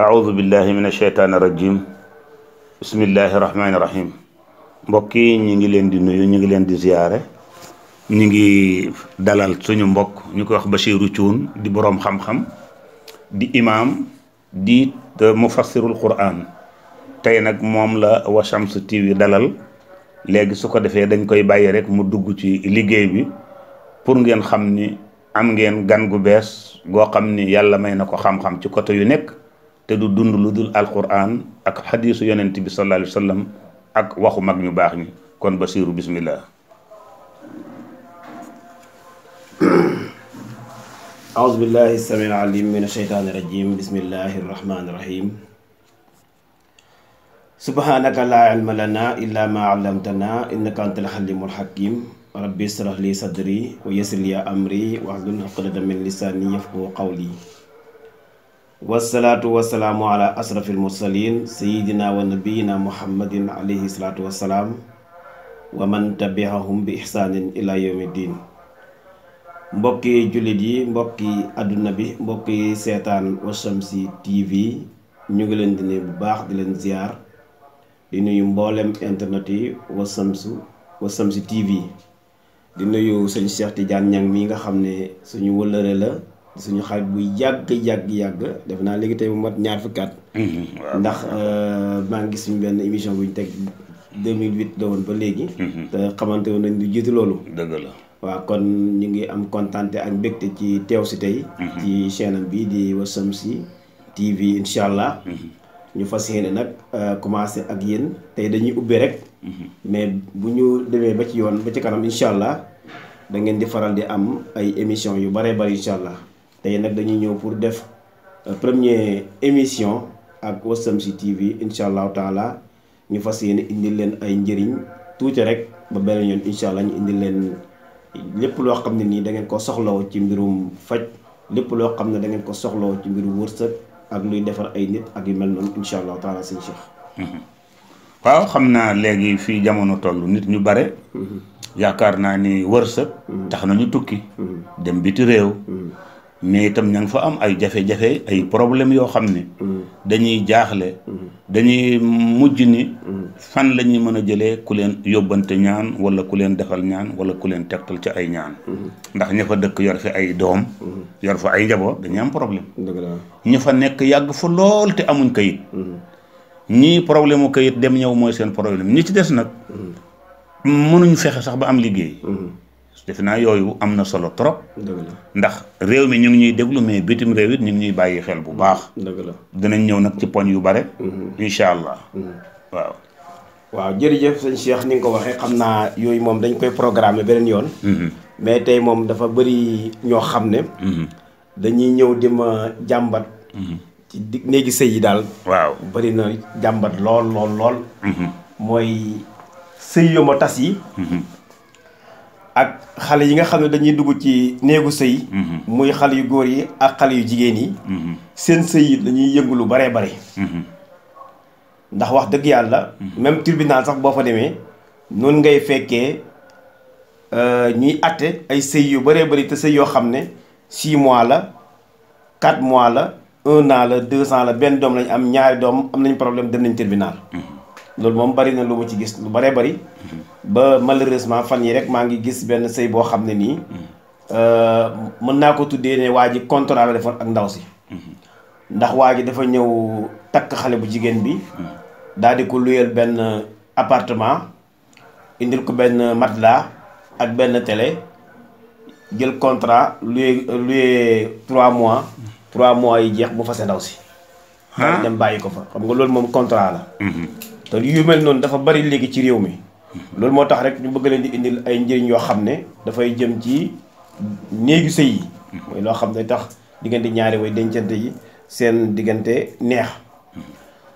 أعوذ بالله من الشيطان الرجيم بسم الله الرحمن الرحيم مبكي نيجي لين دي نيو نيجي لين دي زيارة نيجي دلال سوني مبك نيكو أخ بشي روتون دي بروم خم خم دي إمام دي مفسر القرآن تينك مواملا وشمس تي في دلال لأجي سوكا دفيا دن كوي باي ريك مدوغو تي لغي بي pour ngeen xam ni am ngeen gan gu bees goo xam ni yàlla may na ko xam-xam ci côté yu nekk te du dund lu dul alquran ak xadiisu yonent bi sallallahu alayhi wasallam ak waxu mag ñu bax ñi kon basiru bismillah أعوذ بالله السميع العليم من الشيطان الرجيم بسم الله الرحمن الرحيم سبحانك لا علم لنا إلا ما علمتنا إنك أنت الحليم الحكيم ربي اشرح لي صدري ويسر لي أمري واحلل عقدة من لساني يفقهوا قولي والصلاة والسلام على أسرف المرسلين سيدنا ونبينا محمد عليه الصلاة والسلام ومن تبعهم بإحسان إلى يوم الدين مبكي جلدي مبكي أدو النبي مبكي سيطان وشمسي تي في نيغلن دني بباخ دلن زيار دينو يمبولم انترنتي وشمسو وشمسي تي في دينو يو سنشيخ تيجان نيانمي نغا خمني سنو ولرلا suñu xarit bu yàgg yàgg yàgg def naa léegi tey bu mat ñaar fukki at mm-hmm. ndax euh, maa ngi gis suñu benn émission bu ñu teg 2008 la woon ba léegi. Mm-hmm. te xamante woon nañ lu jiitu loolu. dëgg la waaw kon ñu ngi am kontaante ak mbégte ci teew si tey. Mm-hmm. ci chaîne am bi di Wassamsi TV incha allah. ñu fas yéene nag euh, commencé ak yéen tey dañuy ubbi rek. mais bu ñu demee ba ci yoon ba ci kanam incha allah da ngeen di faral di am ay émission yu baree bari incha allah. tey nag dañuy ñëw pour def euh, première émission ak Wassamsi TV incha allahu taala ñu fas yéene indil leen ay njëriñ tuuti rek ba beneen yoon incha allah ñu indil leen lépp loo xam ne nii da ngeen ko soxlawoo ci mbirum faj lépp loo xam ne da ko soxlawoo ci mbirum wërsëg ak luy defar ay nit ak yu mel noonu incha allahu taala sëñ Cheikh. Mm-hmm. waaw xam naa léegi fii jamono toll nit ñu bare. Mm-hmm. yaakaar naa ni wërsëg. Mm-hmm. tax na ñu tukki. dem biti réew. mais itam ña nga fa am ay jafe-jafe ay problème yoo xam ne mm. dañuy jaaxle mm. dañuy mujj ni mm. fan la ñuy mën a jëlee ku leen yóbbante ñaan wala ku leen defal ñaan wala ku leen tegtal ci ay ñaan ndax ña fa dëkk yor fi ay doom yor fa ay njaboot dañuy am problème ñu fa nekk yàgg fa lool te amuñ kayit ñii problème kayit dem ñëw mooy seen problème ñi ci des nag mënuñu fexe sax ba am liggéey defe naa yooyu am na solo trop. ndax réew mi ñu ngi ñuy déglu mais bitim réew it ñu ngi ñuy bàyyi xel bu baax. la dinañ ñëw nag ci poñ yu bare. Mm-hmm. incha allah. Mm-hmm. waaw. waaw jërëjëf sëñ Cheikh ni nga ko waxee xam naa yooyu moom dañ koy programmer beneen yoon. Mm-hmm. mais tey moom dafa bëri ñoo xam ne. dañuy ñëw di ma jàmbat. ci di néegi sëy yi daal. waaw bëri na jàmbat lool lool lool. mooy sëy yu ma tas yi. ak xale yi nga xam ne dañuy dugg ci néegu sëy mm-hmm. muy xale yu góor yi ak xale yu jigéen yi mm-hmm. seen sëy yi dañuy yëngu lu baree bare mm-hmm. ndax wax dëgg yàlla même tribunal sax boo fa demee noonu ngay fekkee euh, ñuy atte ay sëy yu baree bëri te sëy yoo xam ne six mois la quatre mois la un naa la deux ans la benn doom lañ am ñaari doom am nañ problème dem nañ tribunal loolu mom bari na lu ma ci gis lu baree bari ba malheureusement fan yi rek ma ngi gis ben sey bo xamne ni euh mën na ko tuddé né waji contrat la defon ak ndaw si ndax waji dafa ñew tak xalé bu jigen bi dal di ko luyel ben appartement indil ko ben matla ak ben télé jël contrat luyee luyee 3 mois 3 mois yi jeex bu sé ndaw si dem bayiko fa xam nga mom contrat la mhm. te yu mel noonu dafa bari léegi ci réew mi loolu moo tax rek ñu bëgg leen di indil ay njëriñ yoo xam ne dafay jëm ci néegu sëy yi mooy loo xam ne tax diggante ñaari woy dencante yi seen diggante neex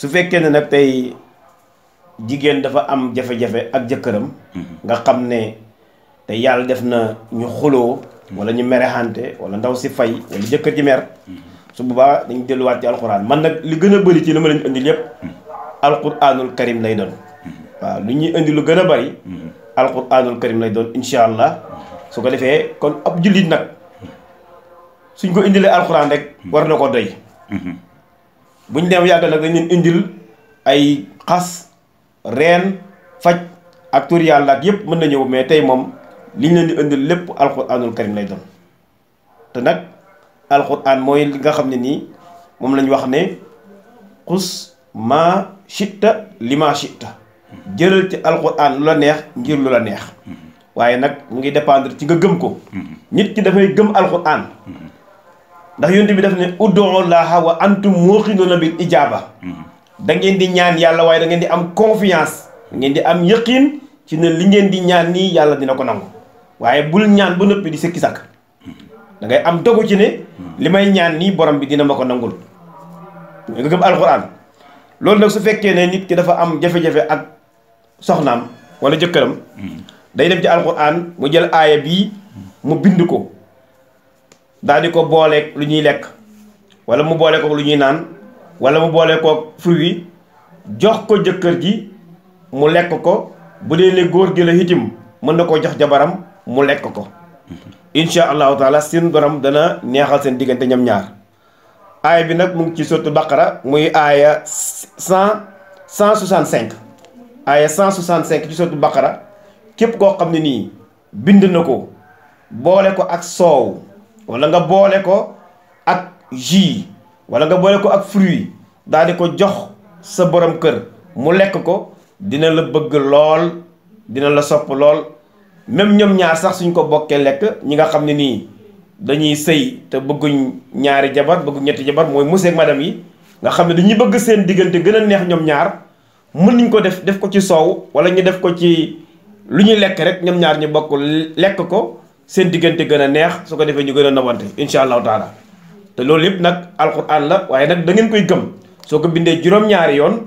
su fekkee ne nag tey jigéen dafa am jafe-jafe ak jëkkëram nga xam ne te yàlla def na ñu xuloo wala ñu merexante wala ndaw si fay wala jëkkër ji mer su boobaa dañ delluwaat ci alxuraan man nag li gën a bëri ci li ma leen indil yépp alquranul karim lay doon waaw lu ñuy indi lu gën a bari mm-hmm. alquranul karim lay doon incha allah mm-hmm. su ko defee kon ab jullit nag suñ ko indilee alquran rek mm-hmm. war na ko doy buñ dem yàgg nag dañ indil ay xas reen faj ak tur yàlla ak yëpp mën na ñëw mais tey moom liñ leen di indil lépp alquranul karim lay doon te nag alquran mooy nga xam ne nii moom lañu wax ne xus ma shitta lima shitta jeul ci alquran lu la neex ngir lu la neex waye nak mu ngi dépendre ci nga gëm ko nit ki fay gëm alquran ndax bi daf ne ud'u laha wa antum muuqinuuna bil ijaba da ngeen di ñaan yalla waye da ngeen di am confiance da ngeen di am yaqeen ci ne li ngeen di ñaan ni yalla dina ko nangu waye bul ñaan bu noppi di sekki sak da ngay am dogu ci ne limay boram ñaan ni borom bi dina mako nangul nga gëm alquran loolu nag su fekkee ne nit ki dafa am jafe-jafe ak soxnaam wala jëkkëram hmm. day dem ci alxuraan mu jël aaya bii mu bind ko daal ko booleek lu ñuy lekk wala mu boole kook lu ñuy naan wala mu boole kook fruit jox ko jëkkër gi mu lekk ko bu dee ne góor gi la itim mën na koo jox jabaram mu lekk ko hmm. incha allahu taala seen borom dana neexal seen diggante ñoom ñaar aaya bi nag mu ngi ci sotu baqara muy aaya cent cent soixante cinq aaya cent soixante cinq ci sotu baqara képp koo xam ne nii bind na ko boole ko ak soow wala nga boole ko ak jus wala nga boole ko ak fruit daal di ko jox sa borom kër mu lekk ko dina la bëgg lool dina la sopp lool même ñoom ñaar sax suñ ko bokkee lekk ñi nga xam ne nii dañuy sëy te bëgguñ ñaari jabar bëgguñ ñetti jabar mooy monsieur ak madame yi nga xam ne dañuy bëgg seen diggante gën a neex ñoom ñaar mën nañ ko def def ko ci soow wala ñu def ko ci lu ñuy lekk rek ñoom ñaar ñu lekk ko seen diggante gën a neex su ko defee ñu gën a nawante incha allahu taala te loolu yëpp nag alquran la waaye nag da ngeen koy gëm soo ko bindee juróom yoon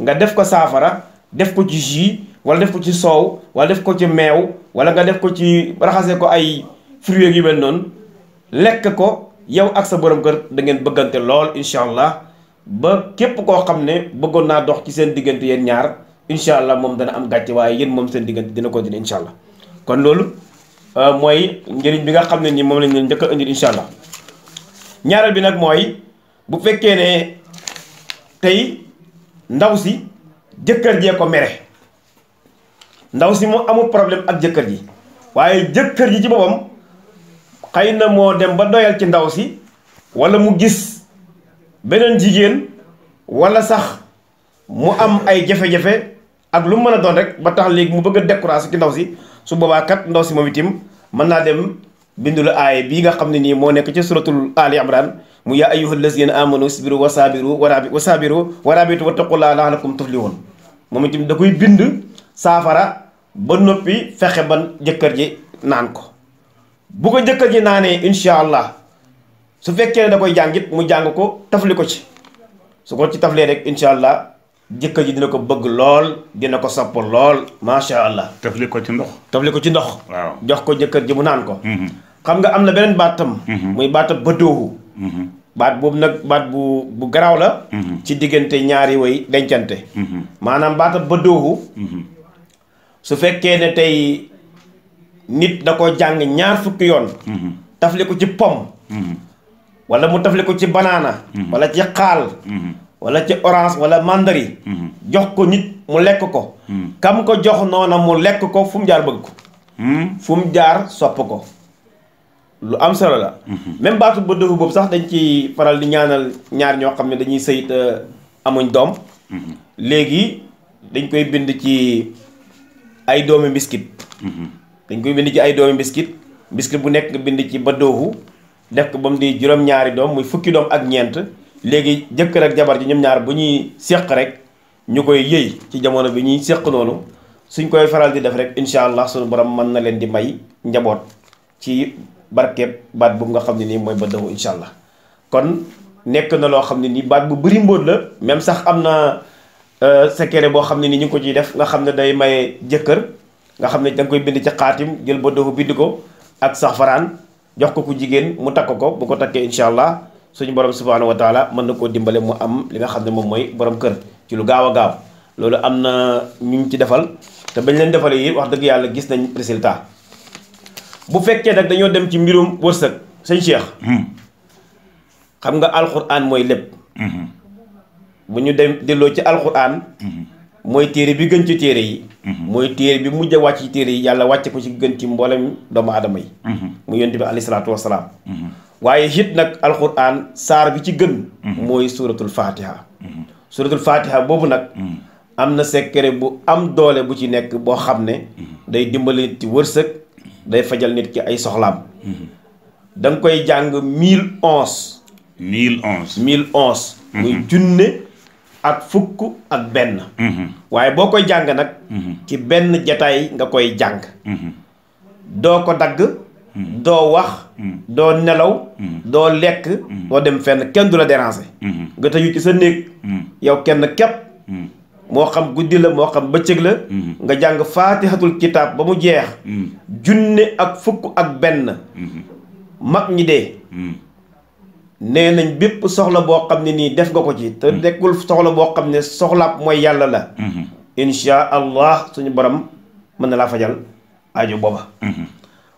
nga def ko saafara def ko ci jus wala def ko ci soow wala def ko ci meew wala nga def ko ci raxase ko ay fruits yu mel noonu lekk ko yow ak sa borom kër da ngeen bëggante lool incha allah ba képp koo xam ne bëggoon naa dox ci seen diggante yeen ñaar incha allah moom dana am gàcce waaye yéen moom seen diggante dina continuer incha allah kon loolu euh, mooy njëriñ bi nga xam ne ni moom lañ leen njëkk a indil incha allah ñaareel bi nag mooy bu fekkee ne tey ndaw si jëkkër jee ko mere ndaw si moom amul problème ak jëkkër ji waaye jëkkër ji ci boppam xëy na moo dem ba doyal ci ndaw si wala mu gis beneen jigéen wala sax mu am ay jafe-jafe ak lu mu mën a doon rek ba tax léegi mu bëgg a découragé ci ndaw si su boobaa ndaw si moom itam mën naa dem bindu la aaya bii nga xam ne nii moo nekk ci suratul ali imran mu yaa ayyuha allazina amanu isbiru wa sabiru warabi wa sabiru warabitu wattaqullaa laalakum tuflihun moom itam da koy bind saafara ba noppi fexe ba jëkkër ji naan ko bu ko jëkkër ji naanee incha allah su fekkee ne da koy jàng it mu jàng ko tafli ko ci su ko ci taflee rek incha allah jëkkër ji dina ko bëgg lool dina ko sopp lool macha allah. tafli ko ci ndox. tafli ko ci ndox. jox ko jëkkër ji mu naan ko. Mhm. xam nga am na beneen baatam. Mhm. muy baatam bëddoohu. Mhm. baat boobu nag baat bu bu garaaw la. ci diggante ñaari way dencante. maanaam baatam bëddoohu. su fekkee ne tey. nit da ko jàng ñaar fukki yoon mhm. tafli ko ci pom mhm. wala mu tafli ko ci banaana mhm. walla ci xaal wala ci orange wala màndari jox ko nit mu lekk ko kam ko jox noona mu lekk ko fu jaar bëgg ko hmm? mu jaar sopp ko lu am solo la même ba bëddëfu boobu sax dañ ci faral di ñaanal ñaar ñoo xam ne dañuy sëyit amuñ doom léegi dañ koy bind ci ay doomi mbiskit dañ koy bind ci ay doomi mbiskit mbiskit bu nekk nga bind ci ba doohu def ko ba mu di juróom-ñaari doom muy fukki doom ak ñeent léegi jëkkër ak jabar ji ñoom ñaar bu ñuy séq rek ñu koy yëy ci jamono bi ñuy séq loolu suñ koy faral di def rek incha allah suñu borom mën na leen di may njaboot ci barkeeb baat boobu nga xam ne nii mooy ba doohu incha allah kon nekk na loo xam ne nii baat bu bëri mbóot la même sax am na euh, secret boo xam ne ni ñu ko ciy def nga xam ne day maye jëkkër nga xamne dang koy bind ci khatim jël bo do bind ko ak safaran jox ko ku jigen mu tak ko bu ko takke inshallah suñu borom subhanahu wa taala man na dimbalé mu am li nga xamne mom moy borom kër ci lu gawa gaw lolu amna ñu ci defal te bañ leen defalee yi wax deug yalla gis nañ résultat bu fekke nak dañu dem ci mbirum wërsëg señ Cheikh. Hmm. xam nga moy lepp hmm bu ñu dem delloo ci hmm mooy téere bi gën ci téere yi mhm. mooy téere bi mujj a wàcc ci téere yi yàlla wàcce ko ci gën ci mboolem doomu aadama yi mhm. mu yonent bi alayhi salaatu mhm. waaye it nag alquran saar bi ci gën mooy suratul fatiha suratul fatiha boobu nag am na secret bu am doole bu ci nekk boo xam ne day dimbali nit ci wërsëg day fajal nit ki ay soxlaam da koy jàng mille onze mille onze muy junne ak fukk ak benn mhm. waaye boo koy jàng nag mhm. ci benn jataay nga koy jàng mhm. doo ko dagg doo wax doo nelaw doo lekk doo dem fenn kenn du la déranger nga tëju ci sa néeg yow kenn képp moo xam guddi la moo xam bëccëg la nga jàng faatihatul kitaab ba mu jeex junne ak fukk ak benn mag ñi dee nee nañ bépp soxla boo xam ne def nga ko ci te mm. nekkul soxla boo xam ne soxlaab mooy yàlla la mm-hmm. insha allah suñu borom mën na laa fajal aajo booba mm-hmm.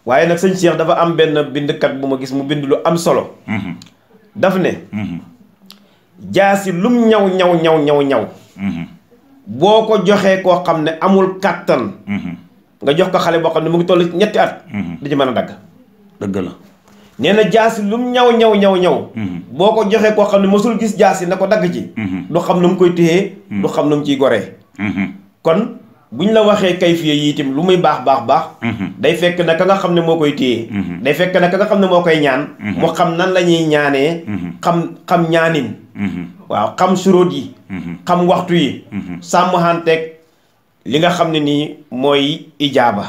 waaye nag sëñ Cheikh dafa am benn bindkat bu ma gis mu bind lu am solo mm-hmm. daf ne jaasi lum ñaw ñaw ñaw ñaw ñaw boo ko joxee koo xam ne amul kàttan nga jox ko xale boo xam ne mu ngi toll ñetti at di ci mën a dagg la nee na jaasi lum ñaw ñaw ñaw ñaw mhm. boo ko joxee koo xam ne mosul gis jaas yi na ko dagg ci mhm. du xam nu mu koy téyee mhm. du xam nu ciy goree kon buñ la waxee kayfiya yi itam lu muy baax baax baax day fekk na ka nga xam ne moo koy téye day fekk na ka nga xam ne moo koy ñaan mu xam nan la ñuy ñaanee xam xam ñaanin waaw xam suróot yi xam waxtu yi sàmmhanteeg li nga xam ne nii mooy ijaaba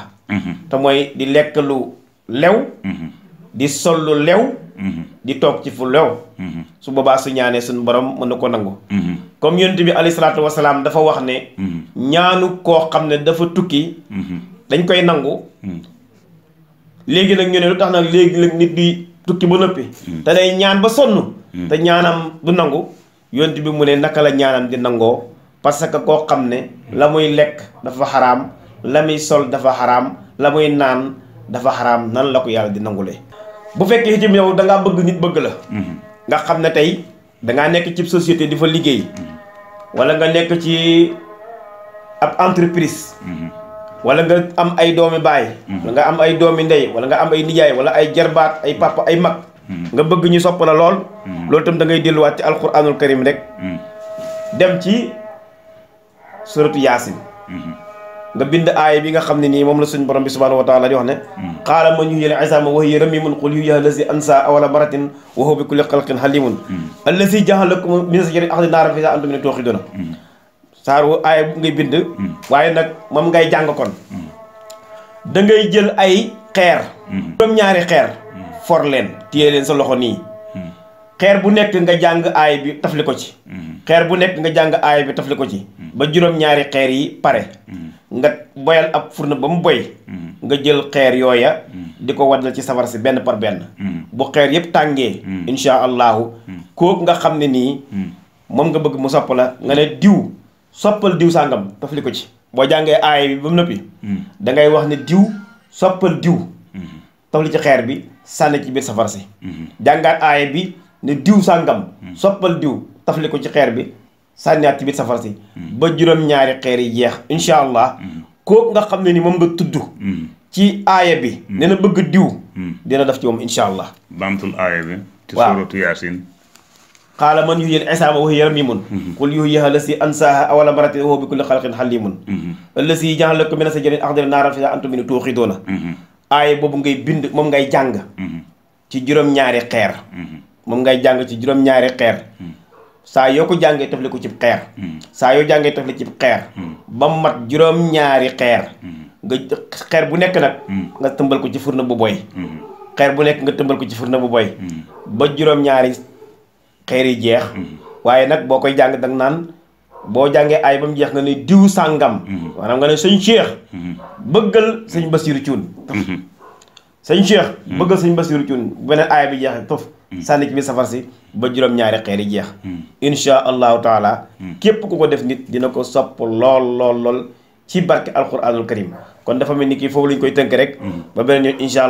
te mooy di lekk lu lew di sol lu lew mhm. di toog ci fu lew mhm. su boobaa su ñaanee suñu borom mën na ko nangu mhm. comme yonent bi alayhi salaatu wasalaam dafa wax ne ñaanu koo xam ne dafa tukki dañ koy nangu léegi nag ñu ne lu tax nag léegi nag nit di tukki ba noppi te day ñaan ba sonn te ñaanam du nangu yonent bi mu ne naka la ñaanam di nangoo parce que koo xam ne la muy lekk dafa xaraam la muy sol dafa xaraam la muy naan dafa xaram nan la ko yàlla di nangule bu fekkee ci yow da ngaa bëgg nit bëgg la. Mhm. nga xam ne tey da ngaa nekk ci société di fa liggéey. Mhm. wala nga nekk ci ab entreprise. Mhm. wala nga am ay doomi baay. wala nga am ay doomi ndey wala nga am ay nijaay wala ay jarbaat ay papa ay mag. nga bëgg ñu sopp la lool. loolu tam da ngay delluwaat ci alquranul karim rek. dem ci suratu yaasin. nga bind aay bi nga xam ne nii moom la suñ borom bi subhanahu wa taala di wax ne xaala mm. man yuhyil izama wa hiya ramimun qul yuhyiha allazi ansa awala maratin wa huwa bi kulli xalqin halimun mm. allazi jaxala lakum min sajari axdi naaran fiha antum min tuuxiduna mm. saar wu aay bu ngay bind waaye nag moom ngay jàng kon da ngay jël ay xeer juróom ñaari xeer for leen téye leen sa loxo nii xeer bu nekk nga jàng aay bi tafli ko ci xeer bu nekk nga jàng aay bi tafli ko ci. Hmm. ba juróom-ñaari xeer yi pare. Hmm. nga boyal ab fourne ba mu boy. Hmm. nga jël xeer yooya. di ko ci safara si benn par benn. bu xeer tàngee. insha allahu. kooku nga xam ne nii. moom nga bëgg mu sopp la nga ne diw soppal diw sàngam tafli ko ci. boo jàngee aay bi ba mu noppi. da ngay wax ne diw soppal diw. tafli ci xeer bi sànni ci biir safar si. jàngaat aay bi ne diw sàngam. soppal diw tafli ko ci xeer bi sànniwaat ci biir safara si hmm. ba juróom-ñaari xeer yi jeex incha allah hmm. nga xam ni moom nga tudd hmm. ci aaya bi ne na bëgg diw dina def ci moom incha allah baamtul aaya bi ci suratu yaasin qaala man yuhyil isaama wa hiya ramiimun qul yuhyihaa allazii ansaahaa awwala maratin wa bi kulli xalqin aliimun allazii ja'ala lakum mina shajarin axdarin naaran antum minhu tuuqiduuna aaya boobu ngay bind moom ngay jàng ci juróom-ñaari xeer moom ngay jàng ci juróom-ñaari xeer saa yoo ko jàngee tafli ko cib xeer hmm. saa yoo jàngee tafli cib xeer hmm. ba mat juróom-ñaari xeer hmm. nga xeer bu nekk nag nga tëmbal ko ci furna bu boy bu nekk nga tëmbal ko ci furna bu boy ba juróom-ñaari xeer jeex waaye nag boo koy jàng dang naan boo jàngee ay ba mu jeex nga ne diw sàngam maanaam nga ne sëñ Cheikh bëggal sëñ Basiru Cuun taf sëñ Cheikh bëggal sëñ Basiru Cuun beneen aay bi jeex taf sànni ci biir safar si ba juróom-ñaari xeer yi jeex hmm. insha allahu taala hmm. képp ku ko def nit dina ko sopp lool lool lool ci barke alquranul karim kon dafa mel ni kii foofu lañ koy tënk rek hmm. ba beneen yoon insha